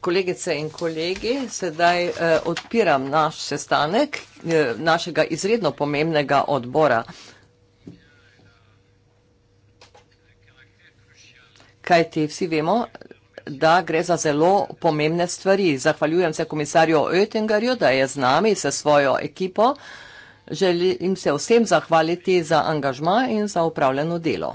Kolegice in kolegi, sedaj eh, odpiram naš sestanek eh, našega izredno pomembnega odbora. Kaj ti vsi vemo, da gre za zelo pomembne stvari. Zahvaljujem se komisarju Oettingerju, da je z nami, s svojo ekipo. Želim se vsem zahvaliti za angažma in za upravljeno delo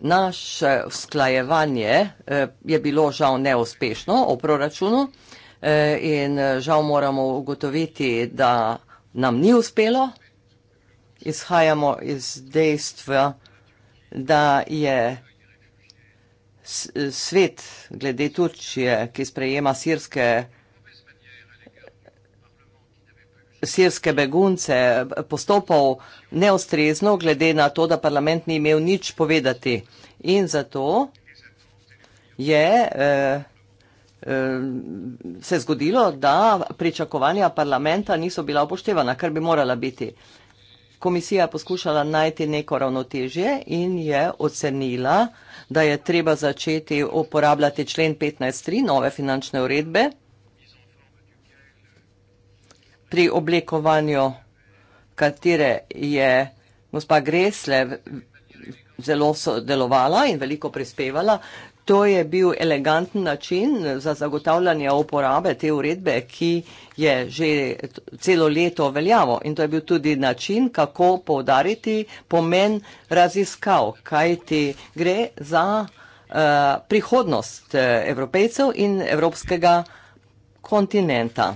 naše usklajevanje eh, je bilo žal neuspešno o proračunu eh, in eh, žal moramo ugotoviti, da nam ni uspelo. Izhajamo iz dejstva, da je svet glede Turčije, ki sprejema sirske vse, sirske begunce postopal neustrezno, glede na to, da parlament ni imel nič povedati. In zato je eh, eh, se zgodilo, da pričakovanja parlamenta niso bila upoštevana, kar bi morala biti. Komisija je poskušala najti neko ravnotežje in je ocenila, da je treba začeti uporabljati člen 15.3 nove finančne uredbe pri oblikovanju katere je gospa Gresle zelo sodelovala in veliko prispevala. To je bil eleganten način za zagotavljanje uporabe te uredbe, ki je že celo leto veljavo. In to je bil tudi način, kako povdariti pomen raziskav, kaj ti gre za uh, prihodnost eh, evropejcev in evropskega kontinenta.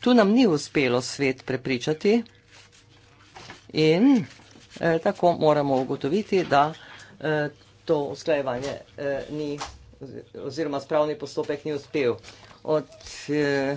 Tu nam ni uspelo svet prepričati in eh, tako moramo ugotoviti, da eh, to usklajevanje eh, ni oziroma spravni postopek ni uspel. Od, eh,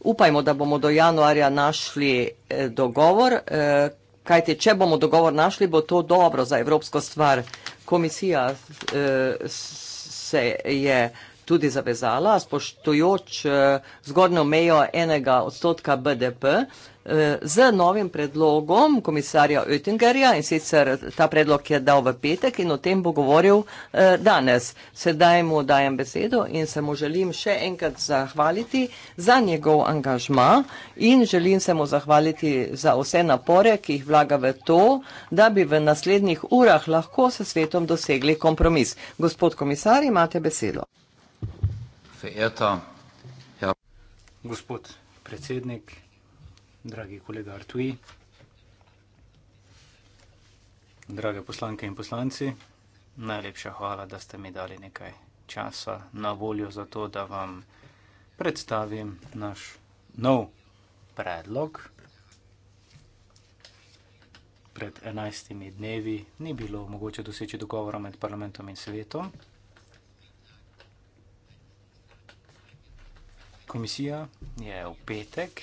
upajmo, da bomo do januarja našli eh, dogovor, eh, kajte, če bomo dogovor našli, bo to dobro za evropsko stvar. Komisija eh, se je eh, tudi zavezala, spoštujoč eh, zgornjo mejo enega odstotka BDP. Eh, z novim predlogom komisarja Oettingerja in sicer ta predlog je dal v petek in o tem bo govoril eh, danes. Sedaj mu dajem besedo in se mu želim še enkrat zahvaliti za njegov angažma in želim se mu zahvaliti za vse napore, ki jih vlaga v to, da bi v naslednjih urah lahko se svetom dosegli kompromis. Gospod komisar, imate besedo verehrter Herr ja. Gospod predsednik, dragi kolega Artui, drage poslanke in poslanci, najlepša hvala, da ste mi dali nekaj časa na voljo za to, da vam predstavim naš nov predlog. Pred enajstimi dnevi ni bilo mogoče doseči dogovora med parlamentom in svetom. komisija je v petek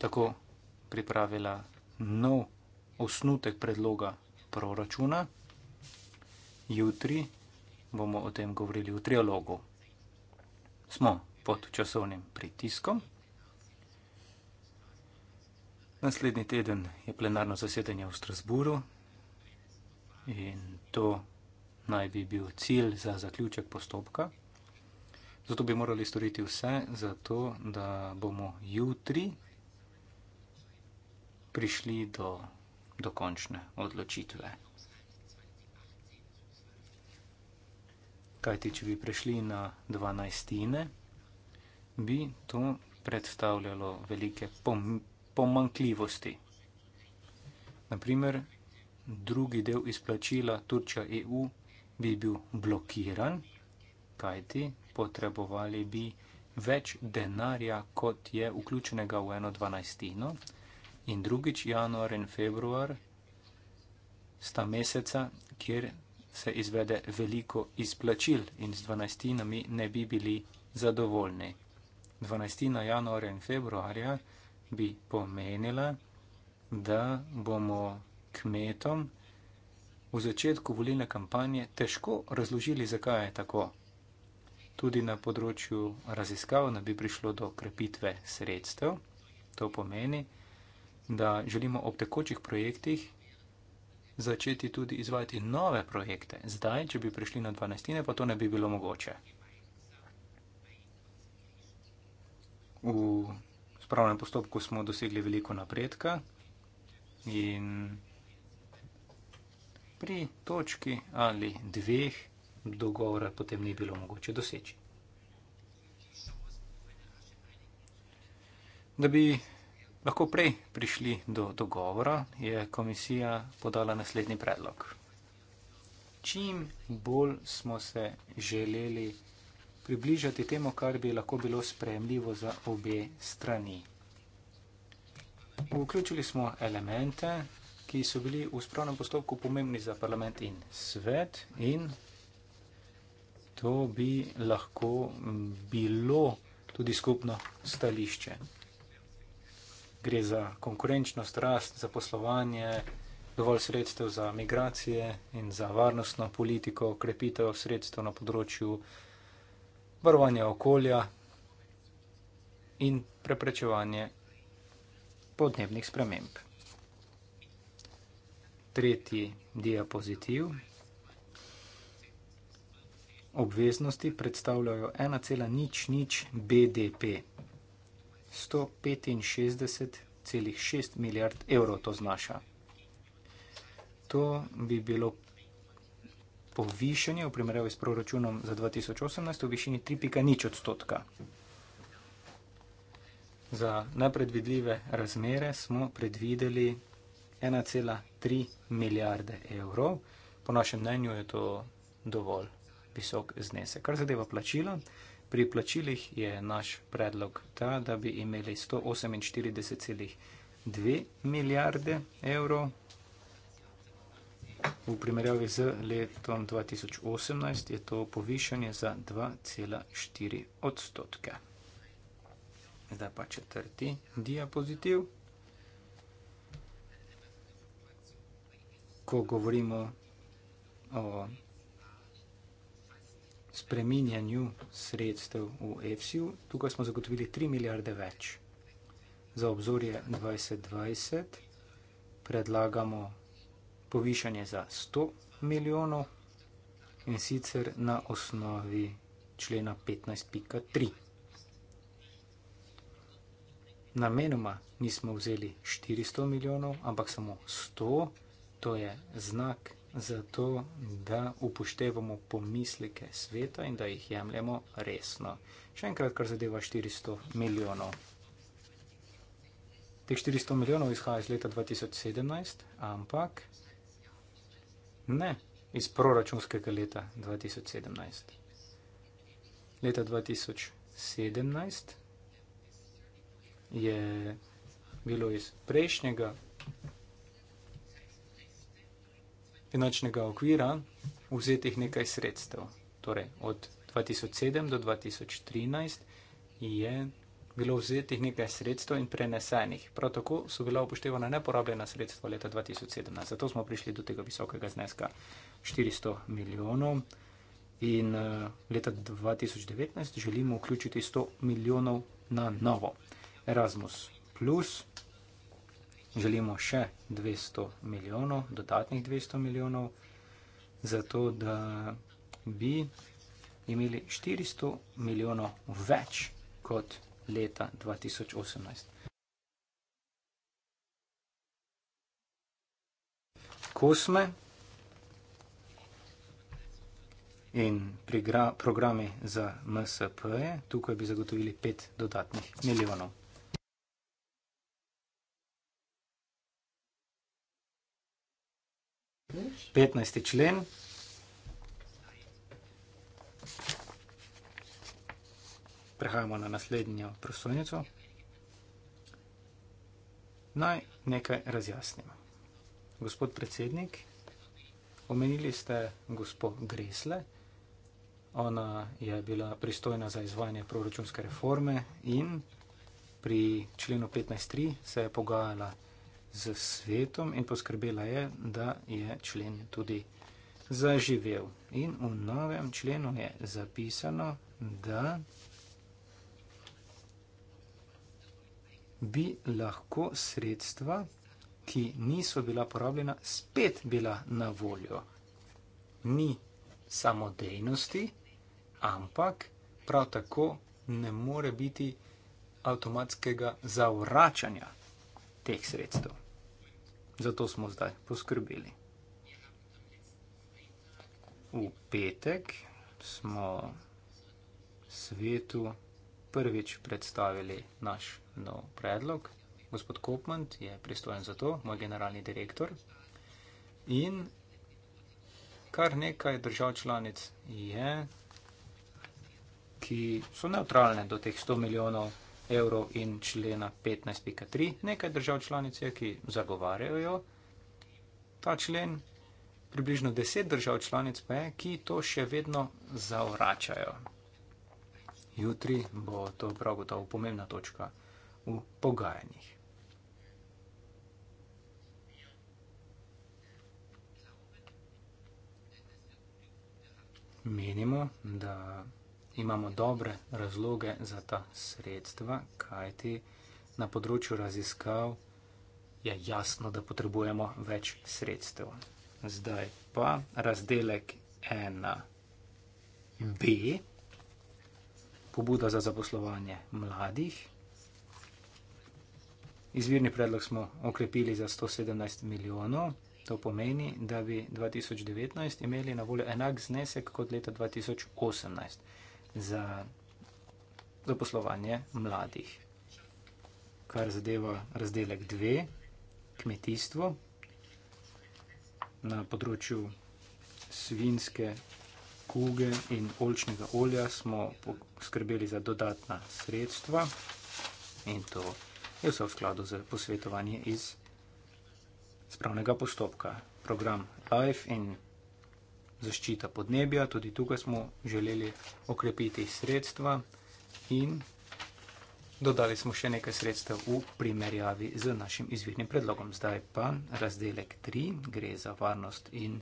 tako pripravila nov osnutek predloga proračuna. Jutri bomo o tem govorili v trialogu. Smo pod časovnim pritiskom. Naslednji teden je plenarno zasedanje v Strasburu in to naj bi bil cilj za zaključek postopka. Zato bi morali storiti vse, zato da bomo jutri prišli do dokončne odločitve. Kajti, če bi prišli na dvanajstine, bi to predstavljalo velike pom pomankljivosti. Naprimer, drugi del izplačila Turčja EU bi bil blokiran, kajti potrebovali bi več denarja, kot je vključenega v eno dvanajstino. In drugič, januar in februar sta meseca, kjer se izvede veliko izplačil in z dvanajstinami ne bi bili zadovoljni. Dvanajstina januarja in februarja bi pomenila, da bomo kmetom v začetku volilne kampanje težko razložili, zakaj je tako. Tudi na področju raziskav ne bi prišlo do krepitve sredstev. To pomeni, da želimo ob tekočih projektih začeti tudi izvajati nove projekte. Zdaj, če bi prišli na dvanajstine, pa to ne bi bilo mogoče. V spravnem postopku smo dosegli veliko napredka in pri točki ali dveh projekti, dogovora potem ni bilo mogoče doseči. Da bi lahko prej prišli do dogovora, je komisija podala naslednji predlog. Čim bolj smo se želeli približati temu, kar bi lahko bilo sprejemljivo za obe strani. Vključili smo elemente, ki so bili v spravnem postopku pomembni za parlament in svet in to bi lahko bilo tudi skupno stališče. Gre za konkurenčnost, rast, za poslovanje, dovolj sredstev za migracije in za varnostno politiko, krepitev sredstev na področju varovanja okolja in preprečevanje podnebnih sprememb. Tretji diapozitiv obveznosti predstavljajo 1,00 BDP. 165,6 milijard evrov to znaša. To bi bilo povišanje v primerjavi s proračunom za 2018 v višini 3,0 odstotka. Za nepredvidljive razmere smo predvideli 1,3 milijarde evrov. Po našem mnenju je to dovolj visok znesek. Kar zadeva plačilo, pri plačilih je naš predlog ta, da bi imeli 148,2 milijarde evrov v primerjavi z letom 2018, je to povišanje za 2,4 odstotke. Zdaj pa četrti diapozitiv. Ko govorimo o spreminjanju sredstev v EFSI-ju. Tukaj smo zagotovili 3 milijarde več. Za obzorje 2020 predlagamo povišanje za 100 milijonov in sicer na osnovi člena 15.3. Namenoma nismo vzeli 400 milijonov, ampak samo 100, to je znak zato da upoštevamo pomisleke sveta in da jih jemljemo resno. Še enkrat, kar zadeva 400 milijonov. Teh 400 milijonov izhaja iz leta 2017, ampak ne iz proračunskega leta 2017. Leta 2017 je bilo iz prejšnjega finančnega okvira vzetih nekaj sredstev. Torej, od 2007 do 2013 je bilo vzetih nekaj sredstev in prenesenih. Prav tako so bila upoštevana neporabljena sredstva leta 2017. Zato smo prišli do tega visokega zneska 400 milijonov in eh, leta 2019 želimo vključiti 100 milijonov na novo. Erasmus plus želimo še 200 milijonov, dodatnih 200 milijonov, zato da bi imeli 400 milijonov več kot leta 2018. Kosme in programi za MSP, tukaj bi zagotovili 5 dodatnih milijonov. 15. člen. Prehajamo na naslednjo prosojnico. Naj nekaj razjasnimo. Gospod predsednik, omenili ste gospod Gresle. Ona je bila pristojna za izvajanje proračunske reforme in pri členu 15.3 se je pogajala z svetom in poskrbela je, da je člen tudi zaživel. In v novem členu je zapisano, da bi lahko sredstva, ki niso bila porabljena, spet bila na voljo. Ni samodejnosti, ampak prav tako ne more biti avtomatskega zavračanja teh sredstev. Zato smo zdaj poskrbeli. V petek smo svetu prvič predstavili naš nov predlog. Gospod Kopmant je pristojen za to, moj generalni direktor. In kar nekaj držav članic je, ki so neutralne do teh 100 milijonov evrov in člena 15.3. Nekaj držav članic je, ki zagovarjajo ta člen, približno 10 držav članic pa je, ki to še vedno zavračajo. Jutri bo to prav gotovo pomembna točka v pogajanjih. Menimo, da imamo dobre razloge za ta sredstva, kajti na področju raziskav je jasno, da potrebujemo več sredstev. Zdaj pa razdelek 1b, pobuda za zaposlovanje mladih. Izvirni predlog smo okrepili za 117 milijonov, to pomeni, da bi 2019 imeli na voljo enak znesek kot leta 2018 za zaposlovanje mladih. Kar zadeva razdelek 2, kmetijstvo na področju svinske kuge in olčnega olja smo skrbeli za dodatna sredstva in to je vse v skladu za posvetovanje iz spravnega postopka. Program LIFE in zaščita podnebja. Tudi tukaj smo želeli okrepiti sredstva in dodali smo še nekaj sredstev v primerjavi z našim izvirnim predlogom. Zdaj pa razdelek 3 gre za varnost in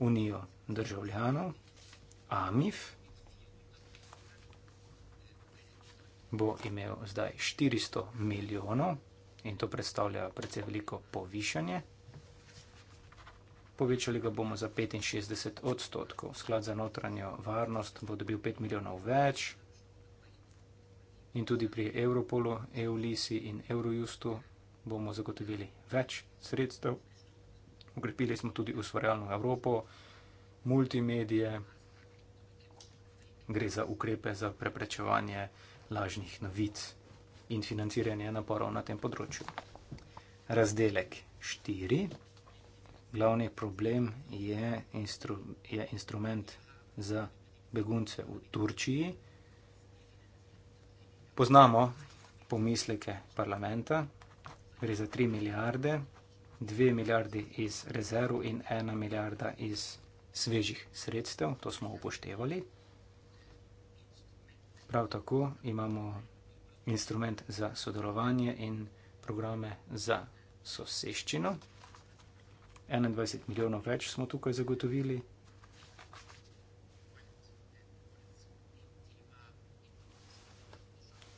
unijo državljanov. AMIF bo imel zdaj 400 milijonov in to predstavlja precej veliko povišanje povečali ga bomo za 65 odstotkov. Sklad za notranjo varnost bo dobil 5 milijonov več in tudi pri Europolu, EULISI in Eurojustu bomo zagotovili več sredstev. Ukrepili smo tudi ustvarjalno Evropo, multimedije, gre za ukrepe za preprečevanje lažnih novic in financiranje naporov na tem področju. Razdelek 4 glavni problem je, instru, je instrument za begunce v Turčiji. Poznamo pomisleke parlamenta, gre za 3 milijarde, 2 milijarde iz rezerv in 1 milijarda iz svežih sredstev, to smo upoštevali. Prav tako imamo instrument za sodelovanje in programe za soseščino. 21 milijonov več smo tukaj zagotovili.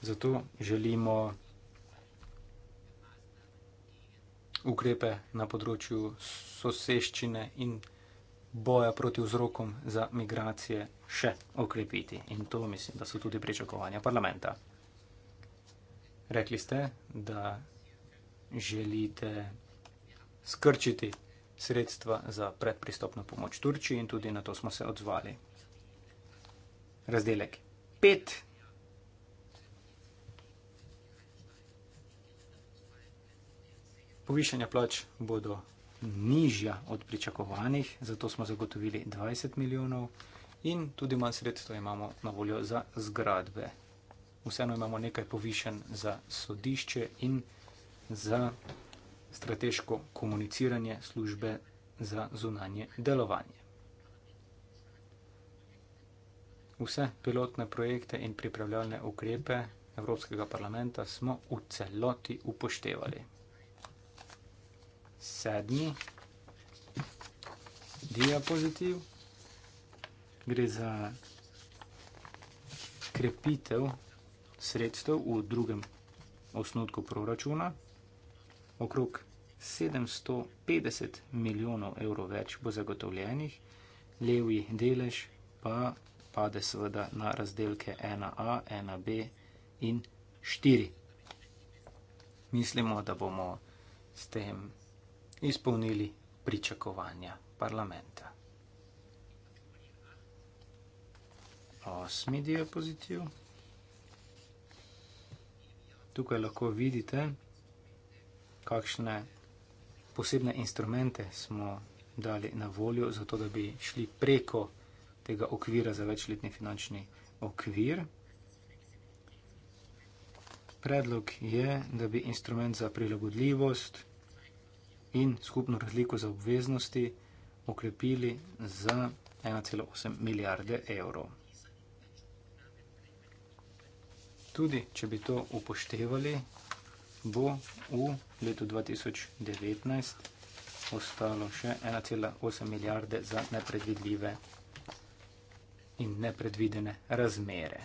Zato želimo ukrepe na področju soseščine in boja proti vzrokom za migracije še okrepiti. In to mislim, da so tudi pričakovanja parlamenta. Rekli ste, da želite skrčiti sredstva za predpristopno pomoč Turčiji in tudi na to smo se odzvali. Razdelek 5. Povišanja plač bodo nižja od pričakovanih, zato smo zagotovili 20 milijonov in tudi manj sredstva imamo na voljo za zgradbe. Vseeno imamo nekaj povišen za sodišče in za strateško komuniciranje službe za zunanje delovanje. Vse pilotne projekte in pripravljalne ukrepe Evropskega parlamenta smo v celoti upoštevali. Sedmi diapozitiv gre za krepitev sredstev v drugem osnutku proračuna okrog 750 milijonov evrov več bo zagotovljenih, levji delež pa pade seveda na razdelke 1A, 1B in 4. Mislimo, da bomo s tem izpolnili pričakovanja parlamenta. Osmi diapozitiv. Tukaj lahko vidite, kakšne posebne instrumente smo dali na voljo, zato da bi šli preko tega okvira za večletni finančni okvir. Predlog je, da bi instrument za prilagodljivost in skupno razliko za obveznosti okrepili za 1,8 milijarde evrov. Tudi, če bi to upoštevali, bo v letu 2019 ostalo še 1,8 milijarde za nepredvidljive in nepredvidene razmere.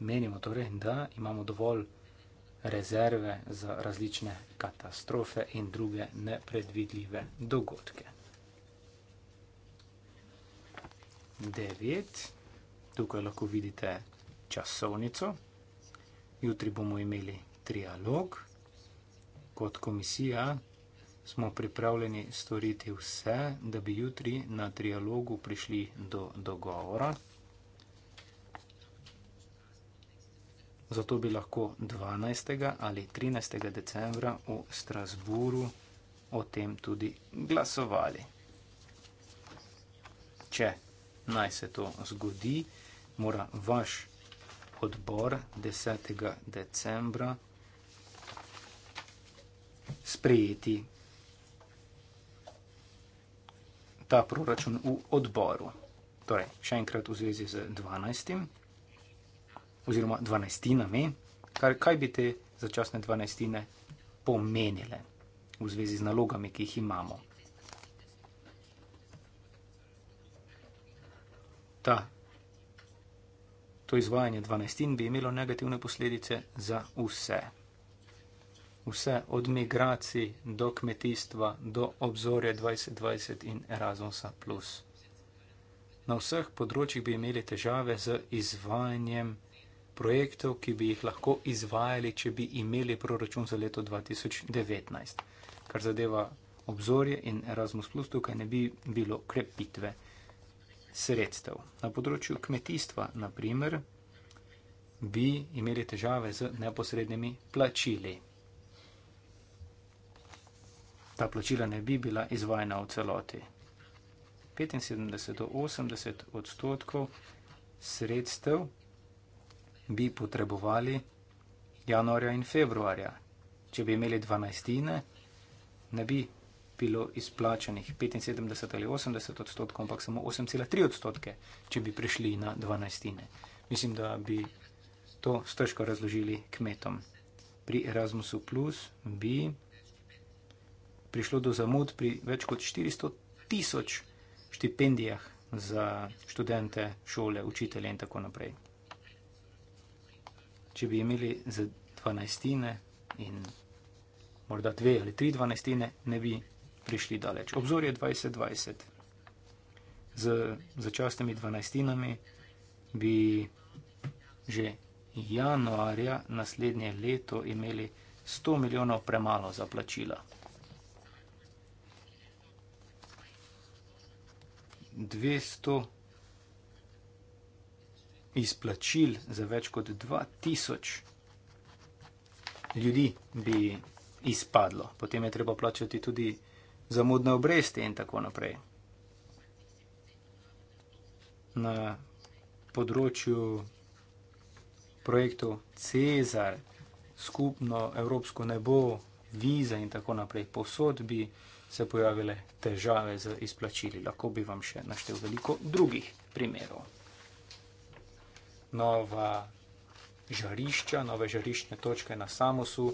Menimo torej, da imamo dovolj rezerve za različne katastrofe in druge nepredvidljive dogodke. 9. Tukaj lahko vidite časovnico. Jutri bomo imeli trialog kot komisija smo pripravljeni storiti vse, da bi jutri na trialogu prišli do dogovora. Zato bi lahko 12. ali 13. decembra v Strasburu o tem tudi glasovali. Če naj se to zgodi, mora vaš odbor 10. decembra sprejeti ta proračun v odboru. Torej, še enkrat v zvezi z 12. oziroma 12. nami, kaj, kaj bi te začasne 12. pomenile v zvezi z nalogami, ki jih imamo. Ta, to izvajanje 12. bi imelo negativne posledice za vse vse od migracij do kmetijstva, do obzorja 2020 in Erasmusa. Na vseh področjih bi imeli težave z izvajanjem projektov, ki bi jih lahko izvajali, če bi imeli proračun za leto 2019. Kar zadeva obzorje in Erasmus, tukaj ne bi bilo krepitve sredstev. Na področju kmetijstva, naprimer, bi imeli težave z neposrednimi plačili ta plačila ne bi bila izvajena v celoti. 75 do 80 odstotkov sredstev bi potrebovali januarja in februarja. Če bi imeli 12, ne bi bilo izplačanih 75 ali 80 odstotkov, ampak samo 8,3 odstotke, če bi prišli na 12. Mislim, da bi to stroško razložili kmetom. Pri Erasmusu Plus bi prišlo do zamud pri več kot 400 tisoč štipendijah za študente, šole, učitelje in tako naprej. Če bi imeli za dvanajstine in morda dve ali tri dvanajstine, ne bi prišli daleč. Obzorje 2020 z začastnimi dvanajstinami bi že januarja naslednje leto imeli 100 milijonov premalo za plačila. 200 izplačil za več kot 2000 ljudi bi izpadlo. Potem je treba plačati tudi zamudne obresti in tako naprej. Na področju projektov Cezar skupno evropsko nebo, viza in tako naprej. Posod bi se pojavile težave z izplačili. Lahko bi vam še naštel veliko drugih primerov. Nova žarišča, nove žariščne točke na Samosu,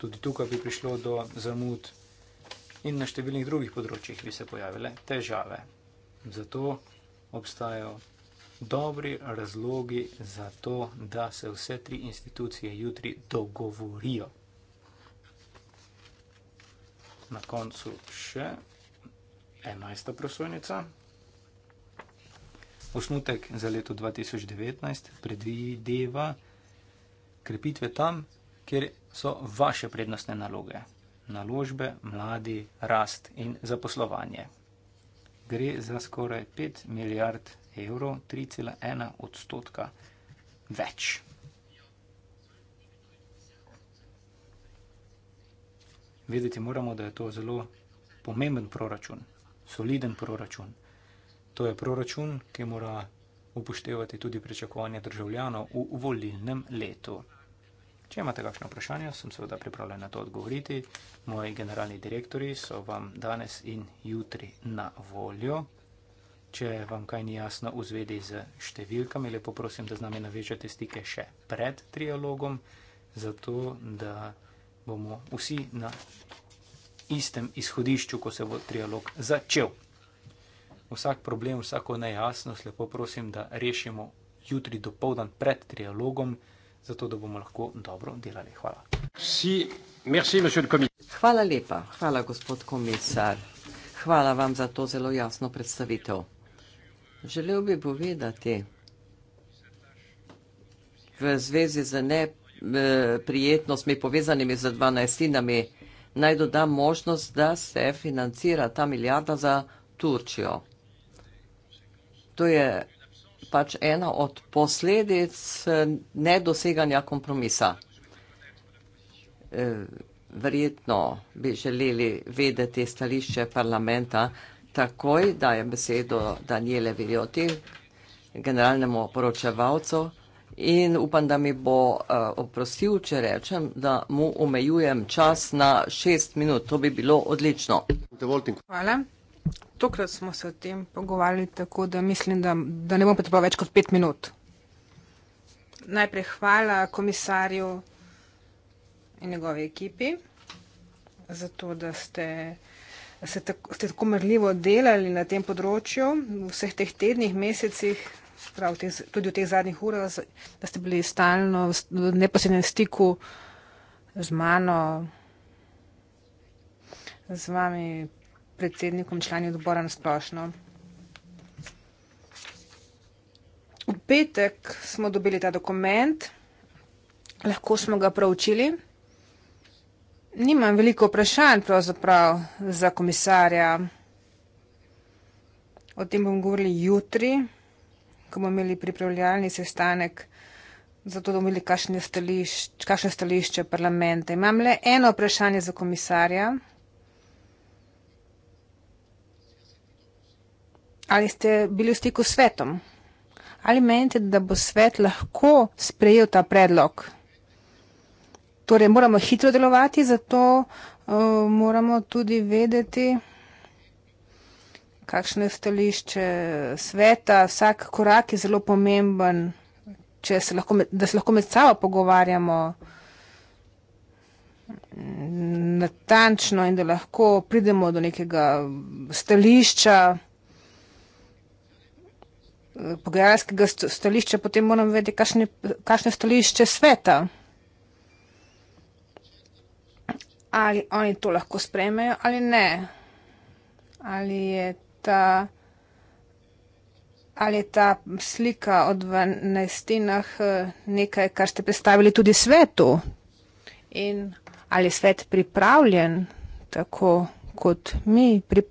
tudi tukaj bi prišlo do zamud in na številnih drugih področjih bi se pojavile težave. Zato obstajajo dobri razlogi za to, da se vse tri institucije jutri dogovorijo na koncu še enajsta prosojnica. Osnutek za leto 2019 predvideva krepitve tam, kjer so vaše prednostne naloge. Naložbe, mladi, rast in zaposlovanje. Gre za skoraj 5 milijard evrov, 3,1 odstotka več. vedeti moramo, da je to zelo pomemben proračun, soliden proračun. To je proračun, ki mora upoštevati tudi pričakovanje državljanov v volilnem letu. Če imate kakšno vprašanje, sem seveda pripravljen na to odgovoriti. Moji generalni direktori so vam danes in jutri na voljo. Če vam kaj ni jasno v zvedi z številkami, lepo prosim, da z nami navežete stike še pred trialogom, zato da bomo vsi na istem izhodišču, ko se bo trialog začel. Vsak problem, vsako nejasnost, lepo prosim, da rešimo jutri do povdan pred trialogom, zato da bomo lahko dobro delali. Hvala. Si, merci, hvala lepa, hvala gospod komisar. Hvala vam za to zelo jasno predstavitev. Želel bi povedati v zvezi z ne Eh, prijetnostmi povezanimi z dvanajstinami, naj doda možnost, da se financira ta milijarda za Turčijo. To je pač ena od posledic eh, nedoseganja kompromisa. Eh, verjetno bi želeli vedeti stališče parlamenta takoj, da je besedo Daniele Virioti, generalnemu poročevalcu, in upam, da mi bo uh, eh, oprostil, če rečem, da mu omejujem čas na šest minut. To bi bilo odlično. Hvala. Tokrat smo se o tem pogovarjali tako, da mislim, da, da ne bom potreboval več kot pet minut. Najprej hvala komisarju in njegovi ekipi za to, da ste, ste, tako, ste tako mrljivo delali na tem področju v vseh teh tednih, mesecih, prav te, tudi v teh zadnjih urah, da ste bili stalno v neposrednem stiku z mano, z vami, predsednikom, člani odbora na splošno. V petek smo dobili ta dokument, lahko smo ga pravčili. Nimam veliko vprašanj pravzaprav za komisarja. O tem bom govorili jutri ko bomo imeli pripravljalni sestanek, zato da bomo imeli kakšne stališče, kakšne stališče parlamente. Imam le eno vprašanje za komisarja. Ali ste bili v stiku s svetom? Ali menite, da bo svet lahko sprejel ta predlog? Torej, moramo hitro delovati, zato uh, moramo tudi vedeti kakšno je stališče sveta, vsak korak je zelo pomemben, se lahko, da se lahko med sabo pogovarjamo natančno in da lahko pridemo do nekega stališča, pogajalskega stališča, potem moramo vedeti, kakšno je stališče sveta. Ali oni to lahko sprejmejo ali ne. Ali je ta, ali je ta slika o dvanajstinah eh, nekaj, kar ste predstavili tudi svetu in ali je svet pripravljen tako kot mi pri,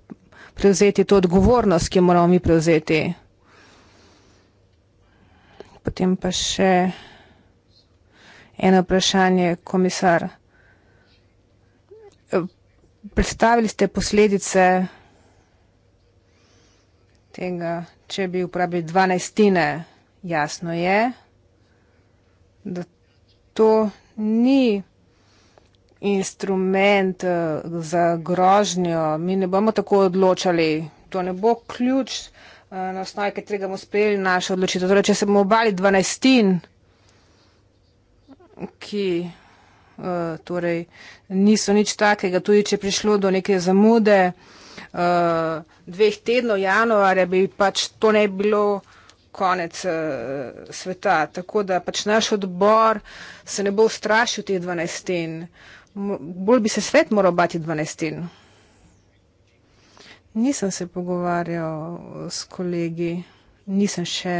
prevzeti to odgovornost, ki jo moramo mi prevzeti. Potem pa še eno vprašanje, komisar. Eh, predstavili ste posledice tega, če bi uporabili dvanajstine, jasno je, da to ni instrument eh, za grožnjo. Mi ne bomo tako odločali, to ne bo ključ, eh, na osnovi katerega bomo sprejeli našo odločitev. Torej, če se bomo obali dvanajstin, ki. Uh, torej, niso nič takega, tudi če prišlo do neke zamude, uh, uh, dveh tednov, januarja, bi pač to ne bilo konec uh, sveta. Tako da pač naš odbor se ne bo strašil teh dvanajstin. Bolj bi se svet moral bati dvanajstin. Nisem se pogovarjal s kolegi, nisem še.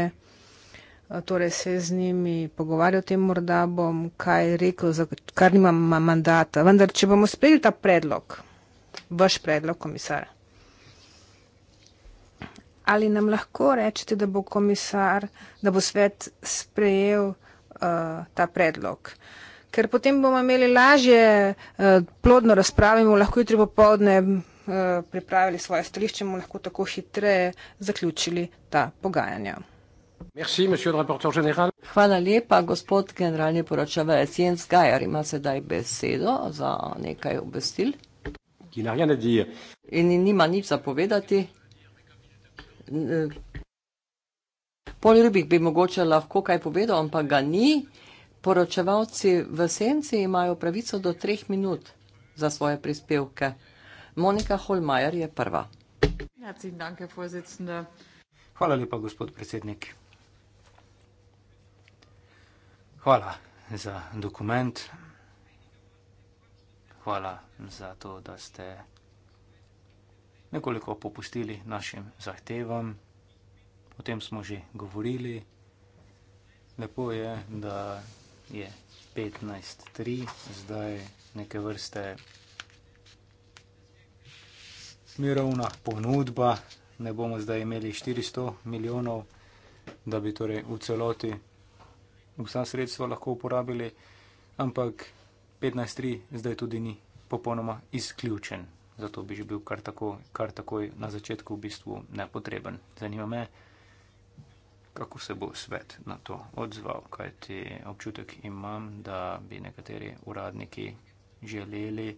Eh, torej se z njimi pogovarjal o tem, morda bom kaj rekel, za kar nimam mandata. Vendar, če bomo sprejeli ta predlog, vaš predlog, komisar ali nam lahko rečete, da bo komisar, da bo svet sprejel uh, ta predlog? Ker potem bomo imeli lažje uh, plodno razpravimo, lahko jutri popovdne uh, pripravili svoje stališče, bomo lahko tako hitreje zaključili ta pogajanja. Merci, Hvala lepa, gospod generalni poročavec Jens Gajar ima sedaj besedo za nekaj obvestil. In nima nič zapovedati. Poljubik bi mogoče lahko kaj povedal, ampak ga ni. Poročevalci v senci imajo pravico do treh minut za svoje prispevke. Monika Holmajer je prva. Hvala lepa, gospod predsednik. Hvala za dokument. Hvala za to, da ste nekoliko popustili našim zahtevam, o tem smo že govorili. Lepo je, da je 15.3 zdaj neke vrste mirovna ponudba. Ne bomo zdaj imeli 400 milijonov, da bi torej v celoti vsa sredstva lahko uporabili, ampak 15.3 zdaj tudi ni popolnoma izključen zato bi že bil kar, tako, kar takoj na začetku v bistvu nepotreben. Zanima me, kako se bo svet na to odzval, kajti občutek imam, da bi nekateri uradniki želeli,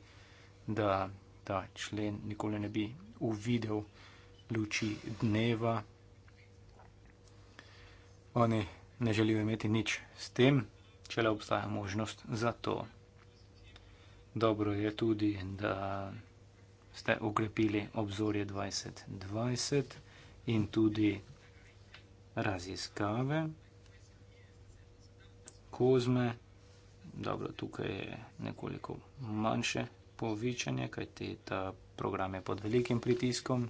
da ta člen nikoli ne bi uvidel luči dneva. Oni ne želijo imeti nič s tem, če le obstaja možnost za to. Dobro je tudi, da ste ukrepili obzorje 2020 in tudi raziskave. Kozme, dobro, tukaj je nekoliko manjše povičanje, kajte ta program je pod velikim pritiskom.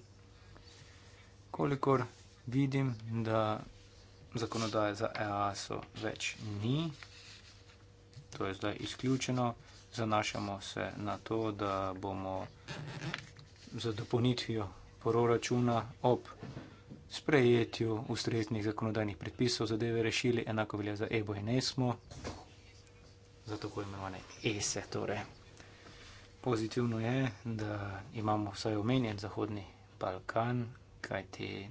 Kolikor vidim, da zakonodaje za EASO več ni, to je zdaj izključeno, zanašamo se na to, da bomo za dopolnitvijo proračuna ob sprejetju ustreznih zakonodajnih predpisov zadeve rešili enako velja za EBO in ESMO, za tako imenovane ESE. Torej. Pozitivno je, da imamo vsaj omenjen Zahodni Balkan, kajti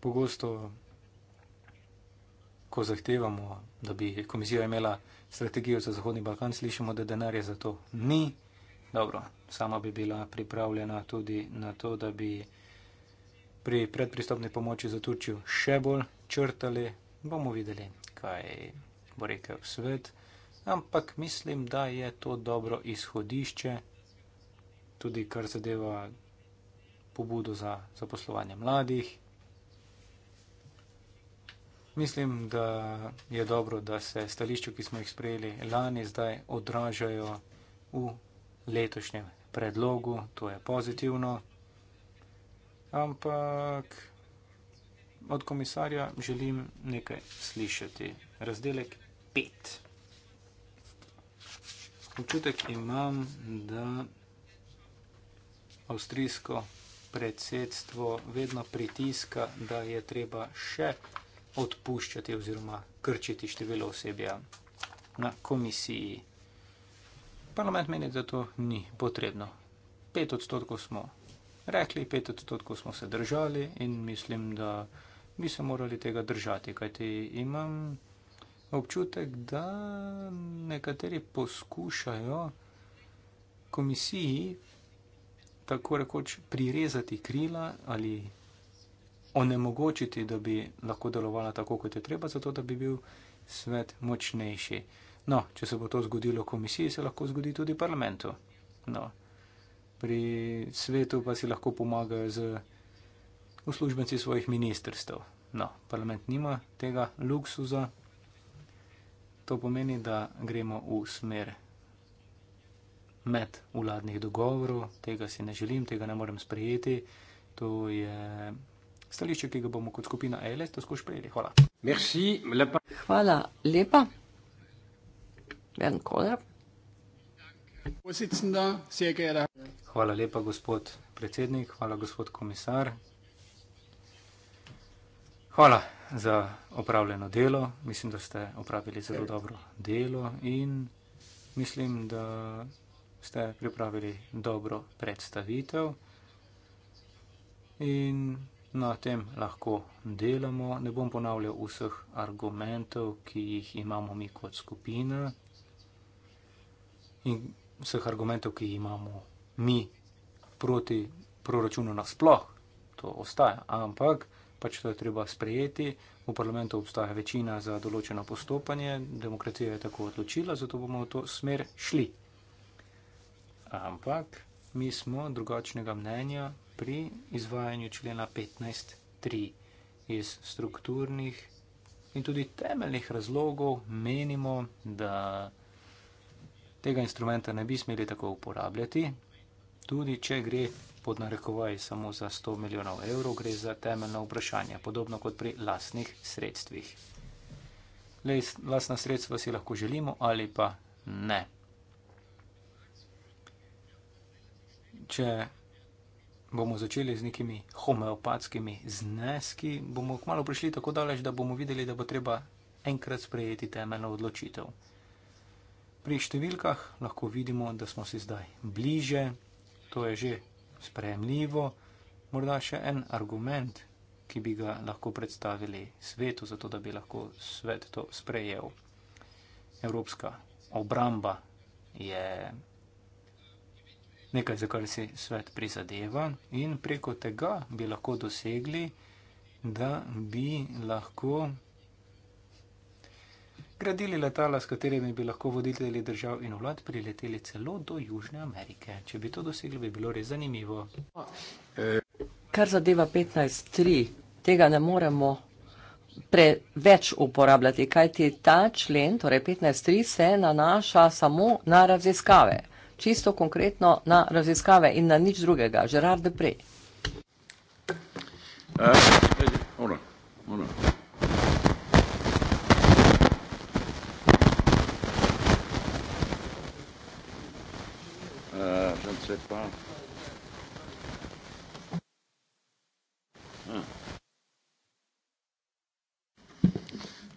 pogosto ko zahtevamo, da bi komisija imela strategijo za Zahodni Balkan, slišimo, da denarja za to ni. Dobro, sama bi bila pripravljena tudi na to, da bi pri predpristopni pomoči za Turčijo še bolj črtali. Bomo videli, kaj bo rekel svet. Ampak mislim, da je to dobro izhodišče, tudi kar zadeva pobudo za zaposlovanje mladih. Mislim, da je dobro, da se stališču, ki smo jih sprejeli lani, zdaj odražajo v letošnjem predlogu. To je pozitivno. Ampak od komisarja želim nekaj slišati. Razdelek 5. Občutek imam, da avstrijsko predsedstvo vedno pritiska, da je treba še odpuščati oziroma krčiti število osebja na komisiji. Parlament meni, da to ni potrebno. Pet odstotkov smo rekli, pet odstotkov smo se držali in mislim, da bi se morali tega držati, kajti imam občutek, da nekateri poskušajo komisiji tako rekoč prirezati krila ali onemogočiti, da bi lahko delovala tako, kot je treba, zato da bi bil svet močnejši. No, če se bo to zgodilo komisiji, se lahko zgodi tudi parlamentu. No. Pri svetu pa si lahko pomagajo z uslužbenci svojih ministrstv. No, parlament nima tega luksuza. To pomeni, da gremo v smer med vladnih dogovorov. Tega si ne želim, tega ne morem sprejeti. To je stališče, ki ga bomo kot skupina ELS tako sprejeli. Hvala. Merci, lepa. Hvala lepa. Hvala lepa, gospod predsednik, hvala gospod komisar. Hvala za opravljeno delo. Mislim, da ste opravili zelo dobro delo in mislim, da ste pripravili dobro predstavitev. In na tem lahko delamo. Ne bom ponavljal vseh argumentov, ki jih imamo mi kot skupina in vseh argumentov, ki jih imamo mi proti proračunu nasploh. To ostaja. Ampak pač to je treba sprejeti. V parlamentu obstaja večina za določeno postopanje, demokracija je tako odločila, zato bomo v to smer šli. Ampak mi smo drugačnega mnenja, pri izvajanju člena 15.3. Iz strukturnih in tudi temeljnih razlogov menimo, da tega instrumenta ne bi smeli tako uporabljati, tudi če gre pod narekovaj samo za 100 milijonov evrov, gre za temeljno vprašanje, podobno kot pri lasnih sredstvih. Lej, lasna sredstva si lahko želimo ali pa ne. Če bomo začeli z nekimi homeopatskimi zneski, bomo kmalo prišli tako daleč, da bomo videli, da bo treba enkrat sprejeti temeljno odločitev. Pri številkah lahko vidimo, da smo si zdaj bliže, to je že sprejemljivo. Morda še en argument, ki bi ga lahko predstavili svetu, zato da bi lahko svet to sprejel. Evropska obramba je nekaj, za kar si svet prizadeva, in preko tega bi lahko dosegli, da bi lahko gradili letala, s katerimi bi lahko voditelji držav in vlad prileteli celo do Južne Amerike. Če bi to dosegli, bi bilo res zanimivo. Kar zadeva 15.3, tega ne moremo preveč uporabljati, kajti ta člen, torej 15.3, se nanaša samo na raziskave čisto konkretno na raziskave in na nič drugega. Gerard de Prey. Uh, je ne vem.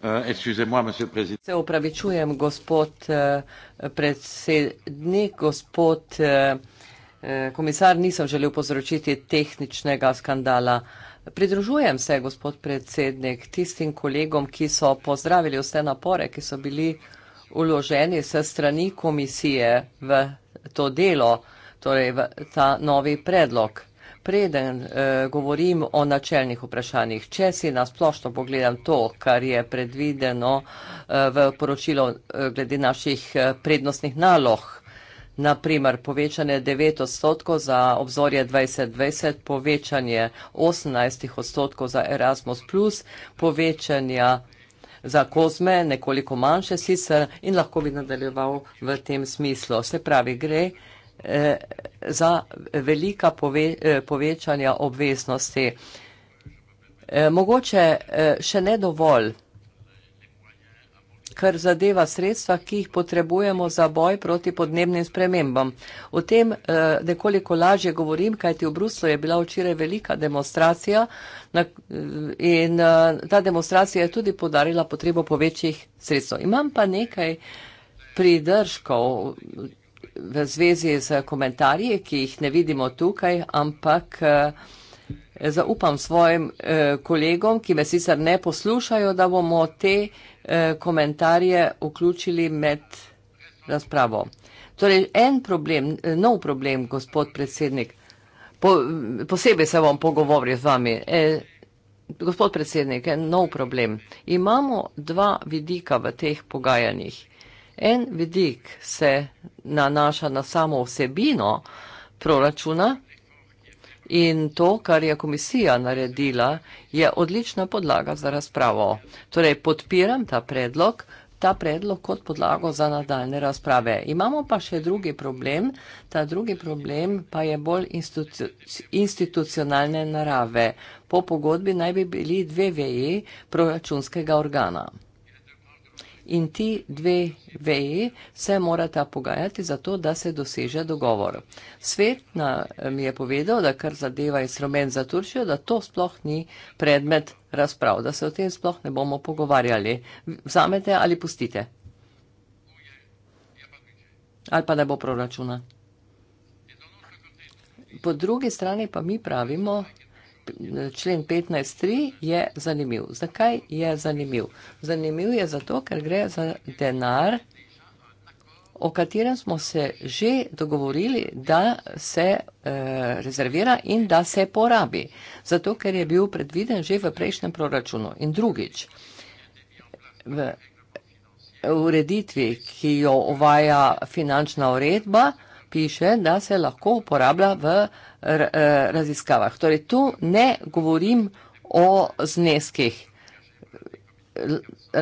Euh, se upravičujem, gospod eh, predsednik, gospod eh, eh, komisar, nisem želel povzročiti tehničnega skandala. Pridružujem se, gospod predsednik, tistim kolegom, ki so pozdravili vse napore, ki so bili uloženi se strani komisije v to delo, torej v ta novi predlog preden eh, govorim o načelnih vprašanjih, če si na splošno pogledam to, kar je predvideno eh, v poročilo eh, glede naših eh, prednostnih nalog, naprimer povečanje 9 odstotkov za obzorje 2020, povečanje 18 odstotkov za Erasmus, povečanja za kozme, nekoliko manjše sicer in lahko bi nadaljeval v tem smislu. Se pravi, gre za velika eh, povečanja obveznosti. Eh, mogoče eh, še ne dovolj, kar zadeva sredstva, ki jih potrebujemo za boj proti podnebnim spremembam. O tem nekoliko lažje govorim, kajti v Bruslu je bila včeraj velika demonstracija in ta demonstracija je tudi podarila potrebo po večjih sredstvo. Imam pa nekaj pridržkov, v zvezi z komentarji, ki jih ne vidimo tukaj, ampak eh, zaupam svojim eh, kolegom, ki me sicer ne poslušajo, da bomo te eh, komentarje vključili med razpravo. Torej, en problem, nov problem, gospod predsednik, posebej se bom pogovoril z vami. Gospod predsednik, en nov problem. Imamo dva vidika v teh pogajanjih. En vidik se nanaša na samo vsebino proračuna in to, kar je komisija naredila, je odlična podlaga za razpravo. Torej, podpiram ta predlog, ta predlog kot podlago za nadaljne razprave. Imamo pa še drugi problem, ta drugi problem pa je bolj institucionalne narave. Po pogodbi naj bi bili dve veji proračunskega organa in ti dve veji se morata pogajati za to, da se doseže dogovor. Svet mi je povedal, da kar zadeva instrument za Turčijo, da to sploh ni predmet razprav, da se o tem sploh ne bomo pogovarjali. Vzamete ali pustite? Ali pa ne bo proračuna? Po drugi strani pa mi pravimo, člen 15.3 je zanimiv. Zakaj je zanimiv? Zanimiv je zato, ker gre za denar, o katerem smo se že dogovorili, da se eh, rezervira in da se porabi. Zato, ker je bil predviden že v prejšnjem proračunu. In drugič, v ureditvi, ki jo uvaja finančna uredba, eh, piše, da se lahko uporablja v eh, raziskavah. Torej, tu ne govorim o zneskih. Eh,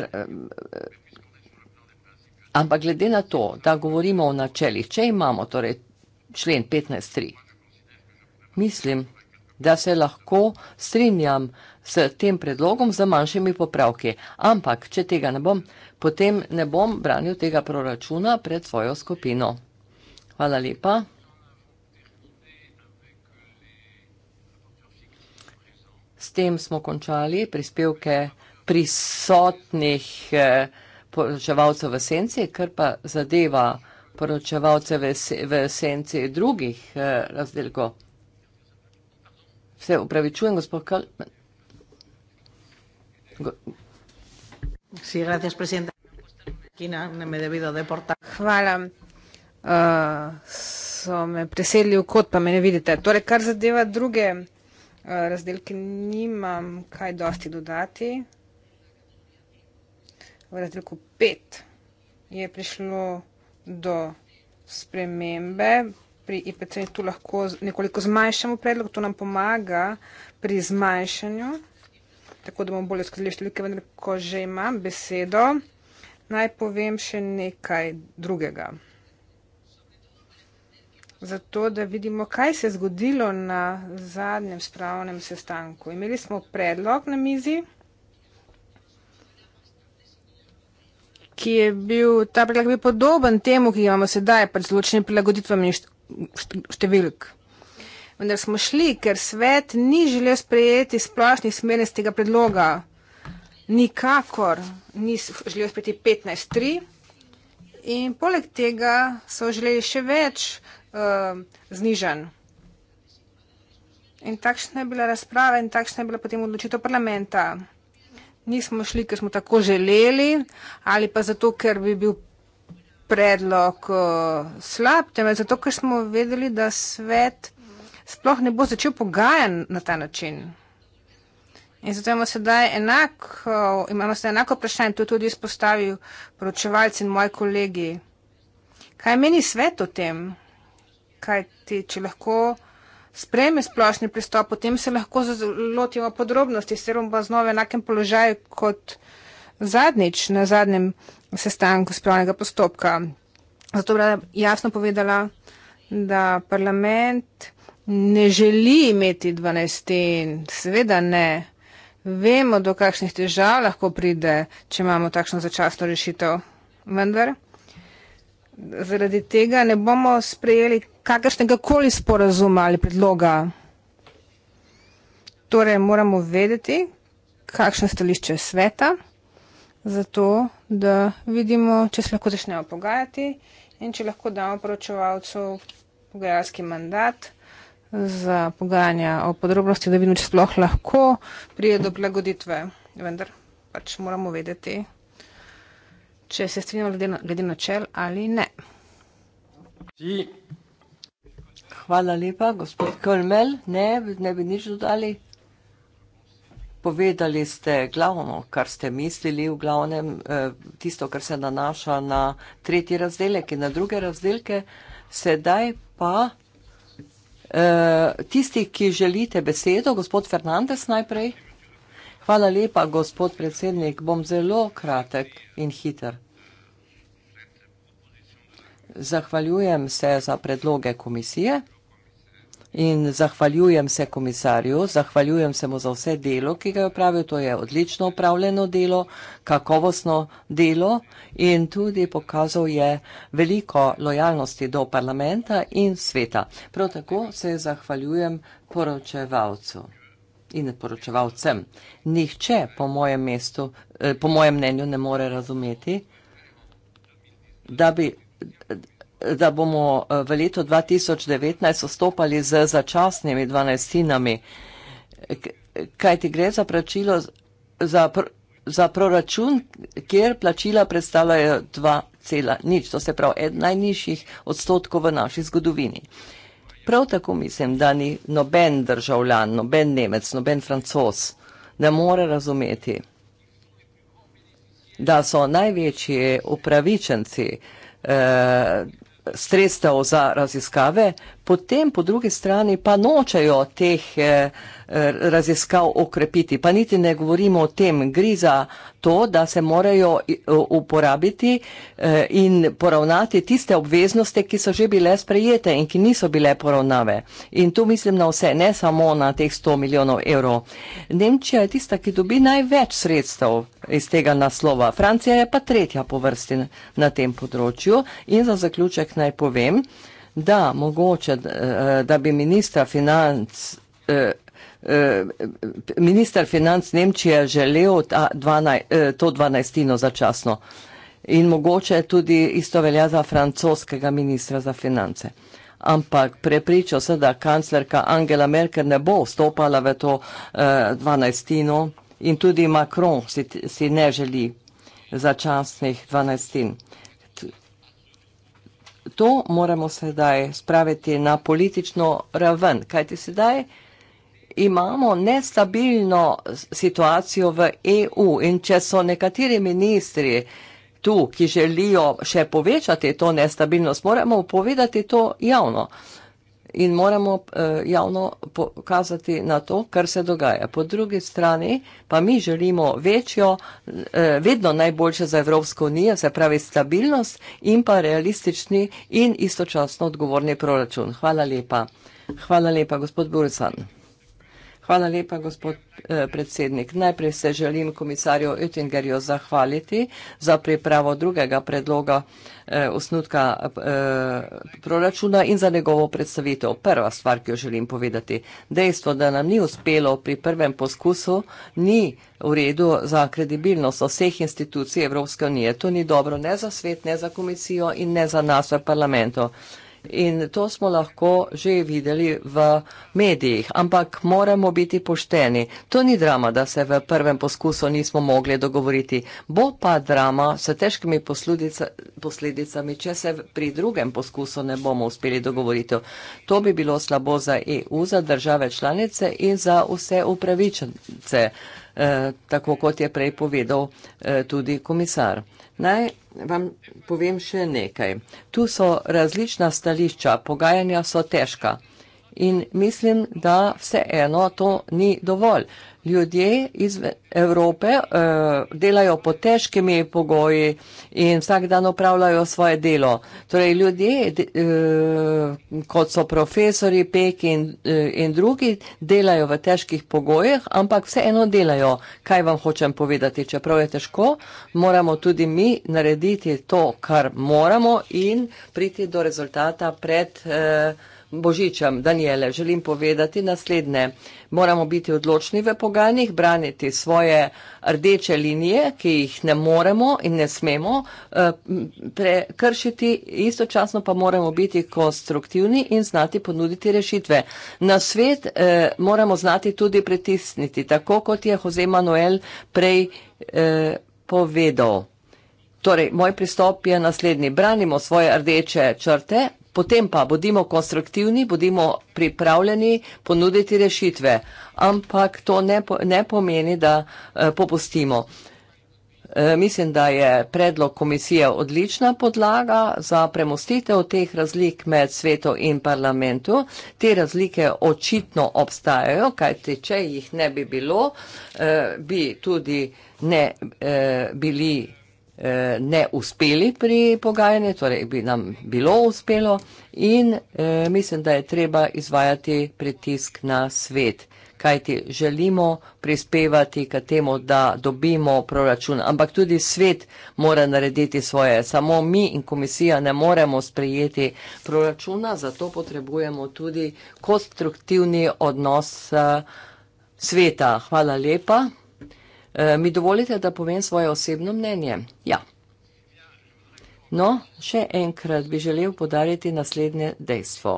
ampak glede na to, da govorimo o načelih, če imamo torej člen 15.3, mislim, da se lahko strinjam s tem predlogom za manjšimi popravki. Ampak, če tega ne bom, potem ne bom branil tega proračuna pred svojo skupino. Hvala lepa. S tem smo končali prispevke prisotnih eh, poročevalcev v senci, kar pa zadeva poročevalce v senci drugih eh, razdelkov. Vse upravičujem, gospod Kalman. No, no Hvala, predsednik. Hvala uh, so me preselili v kot, pa me ne vidite. Torej, kar zadeva druge uh, razdelke, nimam kaj dosti dodati. V razdelku 5 je prišlo do spremembe. Pri IPC tu lahko nekoliko zmanjšamo predlog, to nam pomaga pri zmanjšanju, tako da bomo bolje skrili številke, vendar ko že imam besedo, naj povem še nekaj drugega zato, da vidimo, kaj se je zgodilo na zadnjem spravnem sestanku. Imeli smo predlog na mizi, ki je bil, ta predlog je bil podoben temu, ki ga imamo sedaj, pa zločenim prilagoditvam in številk. Vendar smo šli, ker svet ni želel sprejeti splošnih smernic tega predloga. Nikakor ni želel sprejeti 15.3. In poleg tega so želeli še več Um, znižen. In takšna je bila razprava in takšna je bila potem odločitev parlamenta. Nismo šli, ker smo tako želeli ali pa zato, ker bi bil predlog uh, slab, temveč zato, ker smo vedeli, da svet sploh ne bo začel pogajan na ta način. In zato imamo sedaj enako, imamo sedaj enako vprašanje, to je tudi izpostavil poročevalci in moji kolegi. Kaj meni svet o tem? kaj ti, če lahko spreme splošni pristop, potem se lahko lotimo podrobnosti, ser bom pa znova v enakem položaju kot zadnjič na zadnjem sestanku spravnega postopka. Zato bi jasno povedala, da parlament ne želi imeti dvanajstin, seveda ne. Vemo, do kakšnih težav lahko pride, če imamo takšno začasno rešitev. Vendar zaradi tega ne bomo sprejeli kakršnega koli sporazuma ali predloga. Torej moramo vedeti, kakšno stališče sveta, zato da vidimo, če se lahko začnemo pogajati in če lahko damo poročevalcu pogajalski mandat za pogajanja o podrobnosti, da vidimo, če sploh lahko prije do blagoditve. Vendar pač moramo vedeti če se strinjamo glede, na, glede načel ali ne. Si. Hvala lepa, gospod Krmel. Ne, ne bi nič dodali. Povedali ste glavno, kar ste mislili, v glavnem eh, tisto, kar se nanaša na tretji razdelek in na druge razdelke. Sedaj pa eh, tisti, ki želite besedo, gospod Fernandez najprej. Hvala lepa, gospod predsednik. Bom zelo kratek in hiter. Zahvaljujem se za predloge komisije in zahvaljujem se komisarju, zahvaljujem se mu za vse delo, ki ga je upravil. To je odlično upravljeno delo, kakovostno delo in tudi pokazal je veliko lojalnosti do parlamenta in sveta. Prav tako se zahvaljujem poročevalcu in poročevalcem. Nihče po mojem, mestu, eh, po mojem mnenju ne more razumeti, da, bi, da bomo eh, v letu 2019 vstopali z začasnimi dvanajstinami, kaj ti gre za plačilo za, za proračun, kjer plačila predstavljajo 2,0, to se pravi najnižjih odstotkov v naši zgodovini. Prav tako mislim, da ni noben državljan, noben Nemec, noben Francos ne more razumeti, da so največji upravičenci eh, stresstev za raziskave potem po drugi strani pa nočajo teh eh, eh, raziskav okrepiti. Pa niti ne govorimo o tem, gre za to, da se morajo eh, uporabiti in poravnati tiste obveznosti, ki so že bile sprejete in ki niso bile poravnave. In tu mislim na vse, ne samo na teh 100 milijonov evrov. Nemčija je tista, ki dobi največ sredstev iz tega naslova. Francija je pa tretja po vrsti na tem področju. In za zaključek naj povem, da mogoče, eh, da bi ministra financ. Eh, eh, minister financ Nemčije želel ta 12, to dvanajstino začasno in mogoče tudi isto velja za francoskega ministra za finance. Ampak prepričal se, da kanclerka Angela Merkel ne bo vstopala v to dvanajstino in tudi Macron si, si ne želi začasnih dvanajstin to moramo sedaj spraviti na politično raven, kajti sedaj imamo nestabilno situacijo v EU in če so nekateri ministri tu, ki želijo še povečati to nestabilnost, moramo povedati to javno. Uh, in moramo uh, javno pokazati na to, kar se dogaja. Po drugi strani pa mi želimo večjo, uh, vedno najboljše za Evropsko unijo, se pravi stabilnost in pa realistični in istočasno odgovorni proračun. Hvala lepa. Hvala lepa, gospod Burisan. Hvala lepa, gospod eh, predsednik. Najprej se želim komisarju Oettingerju zahvaliti za pripravo drugega predloga eh, osnutka eh, proračuna in za njegovo predstavitev. Prva stvar, ki jo želim povedati, dejstvo, da nam ni uspelo pri prvem poskusu, ni v redu za kredibilnost vseh institucij Evropske unije. To ni dobro ne za svet, ne za komisijo in ne za nas v parlamentu. In to smo lahko že videli v medijih, ampak moramo biti pošteni. To ni drama, da se v prvem poskusu nismo mogli dogovoriti. Bo pa drama s težkimi posledicami, če se pri drugem poskusu ne bomo uspeli dogovoriti. To bi bilo slabo za EU, za države članice in za vse upravičence, eh, tako kot je prej povedal eh, tudi komisar. Naj vam povem še nekaj. Tu so različna stališča, pogajanja so težka. In mislim, da vseeno to ni dovolj ljudje iz Evrope uh, delajo pod težkimi pogoji in vsak dan upravljajo svoje delo. Torej, ljudje, uh, kot so profesori, peki in, uh, in drugi, delajo v težkih pogojih, ampak vseeno delajo. Kaj vam hočem povedati? Čeprav je težko, moramo tudi mi narediti to, kar moramo in priti do rezultata pred. Uh, Božičem, Daniele, želim povedati naslednje. Moramo biti odločni v pogajanjih, braniti svoje rdeče linije, ki jih ne moremo in ne smemo eh, prekršiti, istočasno pa moramo biti konstruktivni in znati ponuditi rešitve. Na svet eh, moramo znati tudi pritisniti, tako kot je Jose Manuel prej eh, povedal. Torej, moj pristop je naslednji. Branimo svoje rdeče črte, Potem pa bodimo konstruktivni, bodimo pripravljeni ponuditi rešitve, ampak to ne, ne pomeni, da eh, popustimo. Eh, mislim, da je predlog komisije odlična podlaga za premostitev teh razlik med svetu in parlamentu. Te razlike očitno obstajajo, kajte če jih ne bi bilo, eh, bi tudi ne bili Eh, ne uspeli pri pogajanju, torej bi nam bilo uspelo in eh, mislim, da je treba izvajati pritisk na svet, kajti želimo prispevati k temu, da dobimo proračun, ampak tudi svet mora narediti svoje. Samo mi in komisija ne moremo sprejeti proračuna, zato potrebujemo tudi konstruktivni odnos eh, sveta. Hvala lepa. Eh, mi dovolite, da povem svoje osebno mnenje? Ja. No, še enkrat bi želel podariti naslednje dejstvo.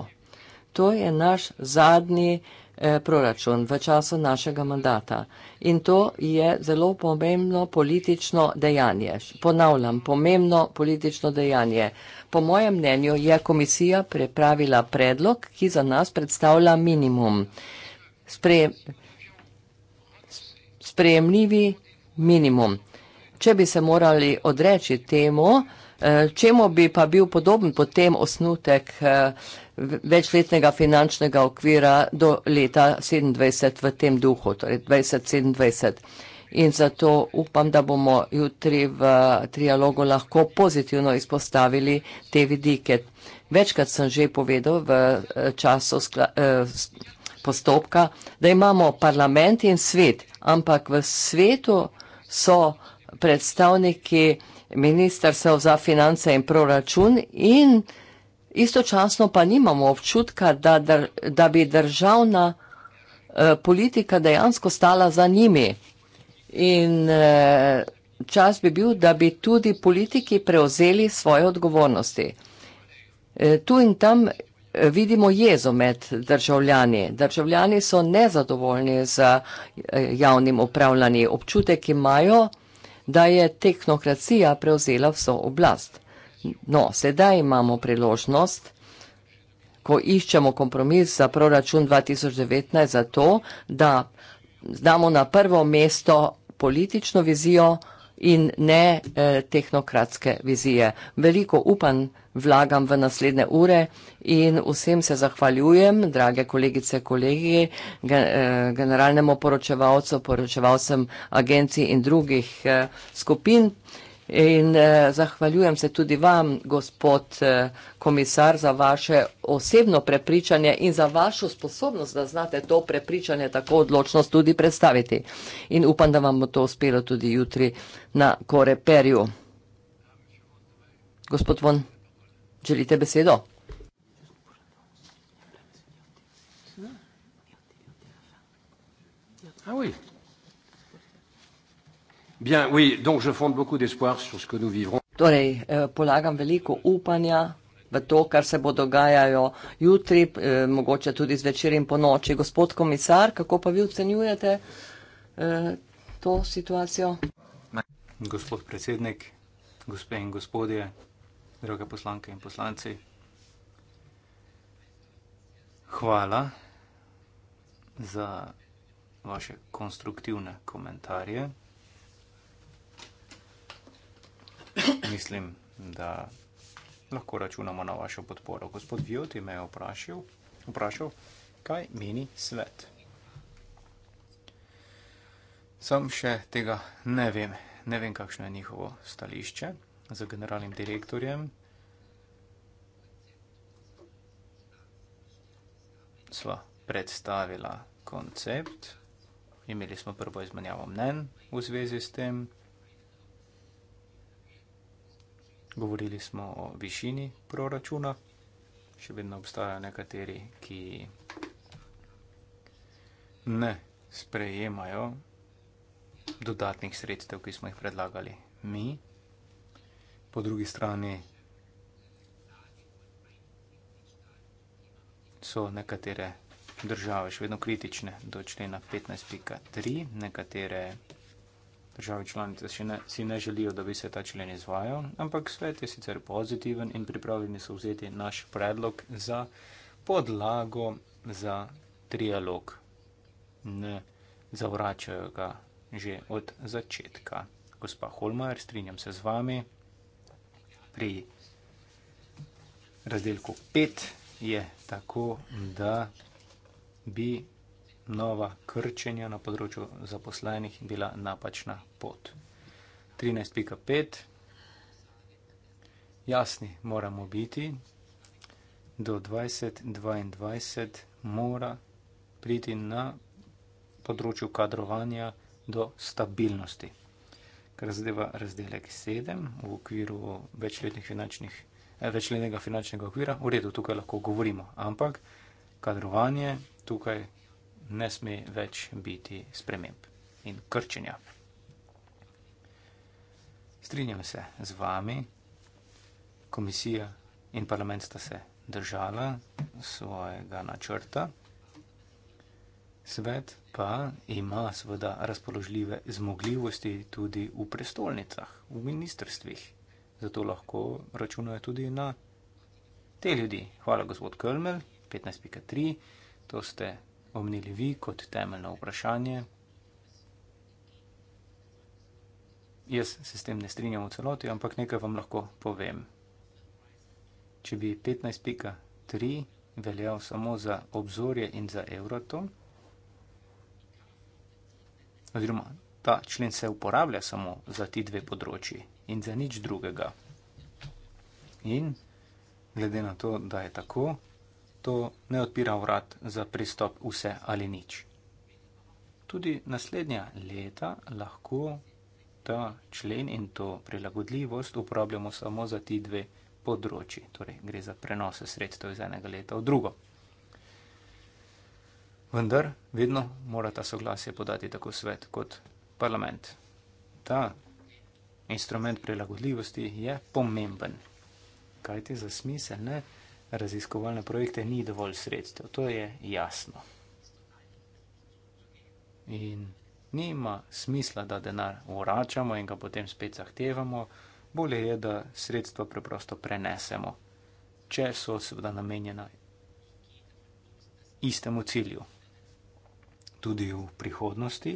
To je naš zadnji eh, proračun v času našega mandata in to je zelo pomembno politično dejanje. Ponavljam, pomembno politično dejanje. Po mojem mnenju je komisija prepravila predlog, ki za nas predstavlja minimum. Sprejemljamo sprejemljivi minimum. Če bi se morali odreči temu, eh, čemu bi pa bil podoben potem osnutek eh, večletnega finančnega okvira do leta 27 v tem duhu, torej 2027. In zato upam, da bomo jutri v trialogu lahko pozitivno izpostavili te vidike. Večkrat sem že povedal v eh, času skla, postopka, da imamo parlament in svet, ampak v svetu so predstavniki ministrstv za finance in proračun in istočasno pa nimamo občutka, da, dr, da bi državna eh, politika dejansko stala za njimi. In eh, čas bi bil, da bi tudi politiki prevzeli svoje odgovornosti. Eh, tu in tam vidimo jezo med državljani. Državljani so nezadovoljni z eh, javnim upravljanjem. Občutek imajo, da je tehnokracija prevzela vso oblast. No, sedaj imamo priložnost, ko iščemo kompromis za proračun 2019, za to, da damo na prvo mesto politično vizijo, in ne eh, tehnokratske vizije. Veliko upanj vlagam v naslednje ure in vsem se zahvaljujem, drage kolegice, kolegi, gen, eh, generalnemu poročevalcu, poročevalcem agencij in drugih eh, skupin. In eh, zahvaljujem se tudi vam, gospod eh, komisar, za vaše osebno prepričanje in za vašo sposobnost, da znate to prepričanje tako odločno tudi predstaviti. In upam, da vam bo to uspelo tudi jutri na Koreperju. Gospod Von, želite besedo? Ah oui. Bien, oui, donc je fonde beaucoup d'espoir sur ce que nous vivrons. Torej, eh, polagam veliko upanja v to, kar se bo dogajalo jutri, eh, mogoče tudi zvečer in po noči. Gospod komisar, kako pa vi ocenjujete eh, to situacijo? Gospod predsednik, gospe in gospodje, druge poslanke in poslanci, hvala za vaše konstruktivne komentarje. mislim, da lahko računamo na vašo podporo. Gospod Vjoti me je vprašal, vprašal, kaj meni svet. Sam še tega ne vem. Ne vem, kakšno je njihovo stališče z generalnim direktorjem. Sva predstavila koncept, imeli smo prvo izmenjavo mnen v zvezi s tem. Govorili smo o višini proračuna, še vedno obstajajo nekateri, ki ne sprejemajo dodatnih sredstev, ki smo jih predlagali mi. Po drugi strani so nekatere države še vedno kritične do člena 15.3, nekatere Države članice ne, si ne želijo, da bi se ta člen izvajal, ampak svet je sicer pozitiven in pripravljeni so vzeti naš predlog za podlago za trialog. Ne zavračajo ga že od začetka. Gospa Holmajer, strinjam se z vami. Pri razdelku 5 je tako, da bi nova krčenja na področju zaposlenih bila napačna pot. 13.5. Jasni moramo biti, do 2022 mora priti na področju kadrovanja do stabilnosti. Kar zadeva razdelek 7 v okviru večletnih finančnih. Eh, Večlenega finančnega okvira, v redu, tukaj lahko govorimo, ampak kadrovanje tukaj ne sme več biti sprememb in krčenja. Strinjam se z vami, komisija in parlament sta se držala svojega načrta, svet pa ima seveda razpoložljive zmogljivosti tudi v prestolnicah, v ministrstvih. Zato lahko računajo tudi na te ljudi. Hvala, gospod Kölmel, 15.3. To ste omnili vi kot temeljno vprašanje. Jaz se s tem ne strinjam v celoti, ampak nekaj vam lahko povem. Če bi 15.3 veljal samo za obzorje in za Euratom, oziroma ta člen se uporablja samo za ti dve področji in za nič drugega. In glede na to, da je tako, to ne odpira vrat za pristop vse ali nič. Tudi naslednja leta lahko ta člen in to prilagodljivost uporabljamo samo za ti dve področji, torej gre za prenose sredstev iz enega leta v drugo. Vendar vedno mora ta soglasje podati tako svet kot parlament. Ta instrument prilagodljivosti je pomemben, kajti za smisel ne raziskovalne projekte ni dovolj sredstev. To je jasno. In nima smisla, da denar vračamo in ga potem spet zahtevamo. Bolje je, da sredstva preprosto prenesemo, če so seveda namenjena istemu cilju. Tudi v prihodnosti,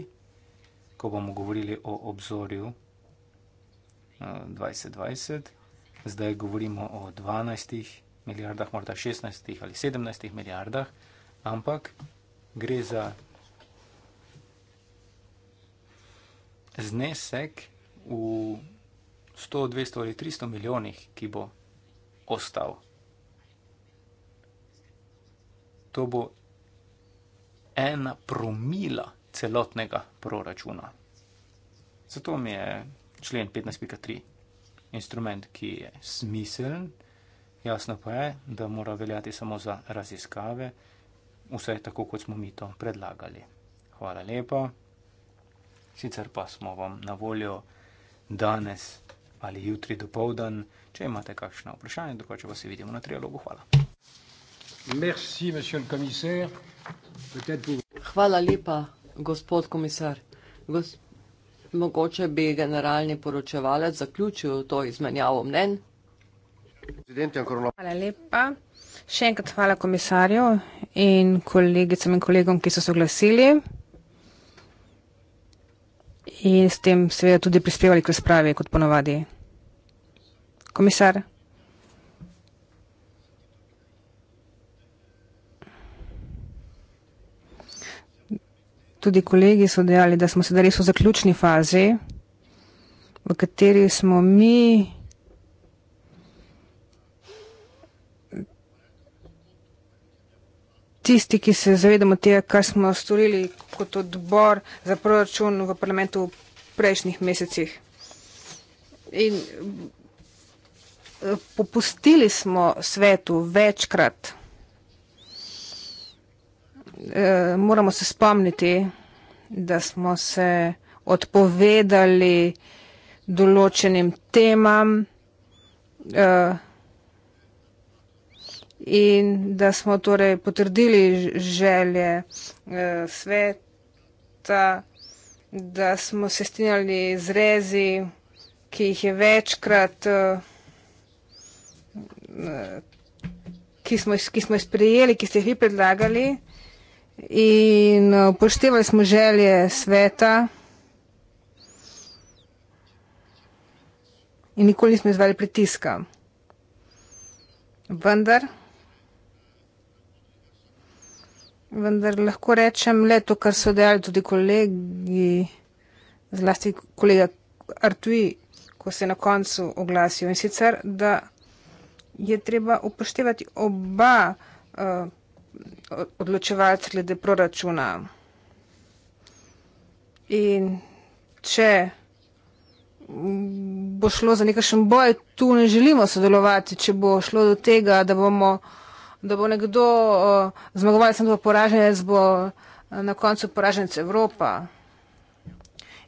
ko bomo govorili o obzorju 2020, eh, zdaj govorimo o 12 milijardah, morda 16 ali 17 milijardah, ampak gre za znesek v 100, 200 ali 300 milijonih, ki bo ostal. To bo ena promila celotnega proračuna. Zato mi je člen 15.3 instrument, ki je smiseln. Jasno pa je, da mora veljati samo za raziskave, vse tako, kot smo mi to predlagali. Hvala lepa. Sicer pa smo vam na voljo danes ali jutri do povdan, če imate kakšno vprašanje, drugače pa se vidimo na trialogu. Hvala. Merci, Hvala lepa, gospod komisar. Gos mogoče bi generalni poročevalec zaključil to izmenjavo mnen. Hvala lepa. Še enkrat hvala komisarju in kolegicam in kolegom, ki so se oglasili in s tem seveda tudi prispevali k razpravi, kot ponovadi. Komisar. Tudi kolegi so dejali, da smo sedaj res v zaključni fazi, v kateri smo mi. tisti, ki se zavedamo tega, kar smo storili kot odbor za proračun v parlamentu v prejšnjih mesecih. In eh, popustili smo svetu večkrat. Eh, moramo se spomniti, da smo se odpovedali določenim temam. Eh, in da smo torej potrdili želje eh, sveta, da smo se strinjali z rezi, ki jih je večkrat, eh, eh, ki smo, ki smo jih sprejeli, ki ste jih vi predlagali in poštevali smo želje sveta. In nikoli nismo izvali pritiska. Vendar. vendar lahko rečem le to, kar so dejali tudi kolegi, zlasti kolega Artui, ko se je na koncu oglasil. In sicer, da je treba upoštevati oba uh, odločevalca glede proračuna. In če bo šlo za nekakšen boj, tu ne želimo sodelovati, če bo šlo do tega, da bomo da bo nekdo uh, zmagoval, sem pa poraženec, bo e, na koncu poraženec Evropa.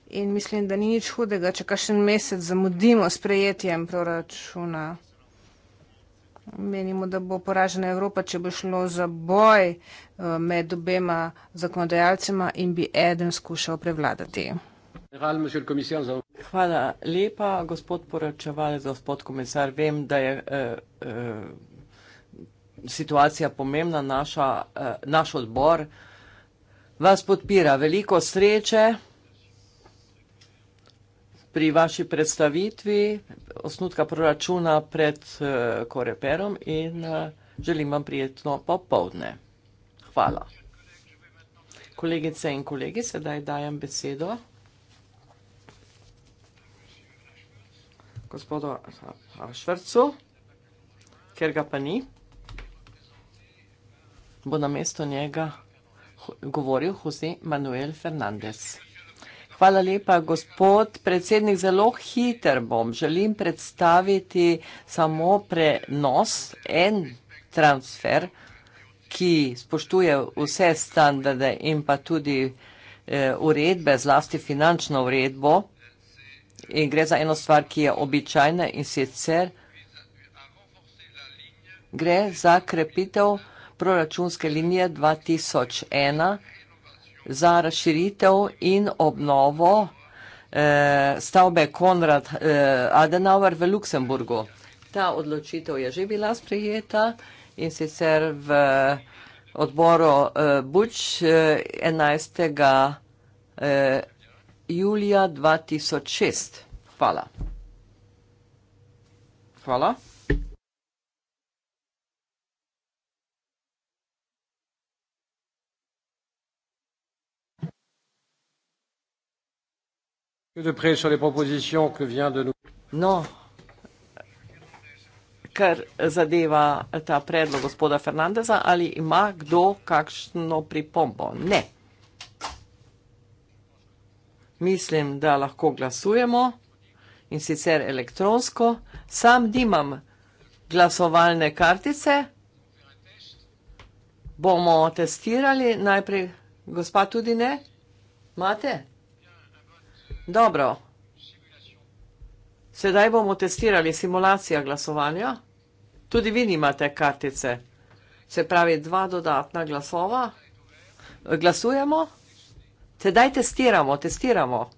In mislim, da ni nič hudega, če kakšen mesec zamudimo s prejetjem proračuna. Menimo, da bo poražena Evropa, če bo šlo za boj e, med obema zakonodajalcema in bi eden skušal prevladati. Hvala lepa, gospod poračevalec, gospod komisar. Vem, da je. Eh, eh, situacija pomembna, naša, uh, naš odbor vas podpira. Veliko sreče pri vaši predstavitvi osnutka proračuna pred uh, Koreperom in uh, želim vam prijetno popovdne. Hvala. Kolegice in kolegi, sedaj dajem besedo. Gospodo Švrcu, ker ga pa ni bo namesto njega govoril Jose Manuel Fernandez. Hvala lepa, gospod predsednik. Zelo hiter bom. Želim predstaviti samo prenos, en transfer, ki spoštuje vse standarde in pa tudi eh, uredbe, zlasti finančno uredbo. In gre za eno stvar, ki je običajna in sicer gre za krepitev proračunske linije 2001 za razširitev in obnovo eh, stavbe Konrad eh, Adenauer v Luksemburgu. Ta odločitev je že bila sprejeta in sicer v odboru eh, Buč 11. julija 2006. Hvala. Hvala. Plus de près sur les propositions que vient de nous. Non. kar zadeva ta predlog gospoda Fernandeza, ali ima kdo kakšno pripombo? Ne. Mislim, da lahko glasujemo in sicer elektronsko. Sam nimam glasovalne kartice. Bomo testirali najprej. Gospa tudi ne? Mate? Mate? Dobro. Sedaj bomo testirali simulacija glasovanja. Tudi vi nimate kartice. Se pravi, dva dodatna glasova. Glasujemo. Sedaj testiramo, testiramo.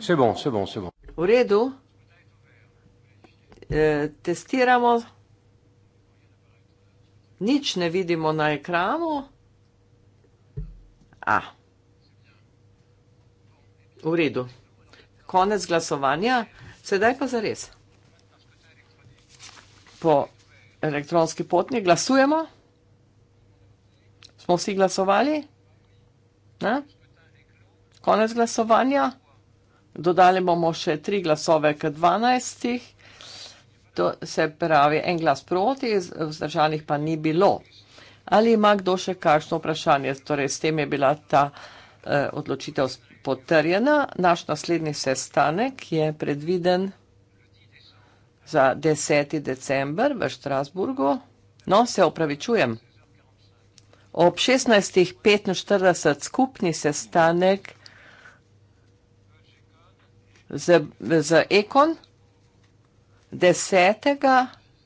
Se bom, se bom, se bom. V redu. E, testiramo. Nič ne vidimo na ekranu. Ah. V redu. Konec glasovanja. Sedaj pa zares. Po elektronski potni glasujemo. Smo vsi glasovali? Ne? Konec glasovanja. Dodali bomo še tri glasove k 12. To se pravi en glas proti, vzdržanih pa ni bilo. Ali ima kdo še kakšno vprašanje? Torej, s tem je bila ta eh, odločitev sprejeta potrjena. Naš naslednji sestanek je predviden za 10. december v Štrasburgu. No, se opravičujem. Ob 16.45 skupni sestanek z, z Ekon, 10.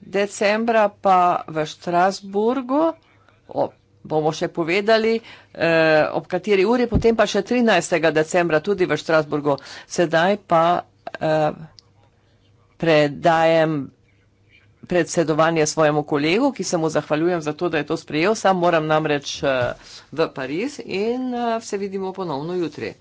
decembra pa v Štrasburgu ob 15.00 bomo še povedali, eh, ob kateri uri, potem pa še 13. decembra tudi v Štrasburgu. Sedaj pa eh, predajem predsedovanje svojemu kolegu, ki se mu zahvaljujem za to, da je to sprejel. Sam moram namreč eh, v Pariz in eh, se vidimo ponovno jutri.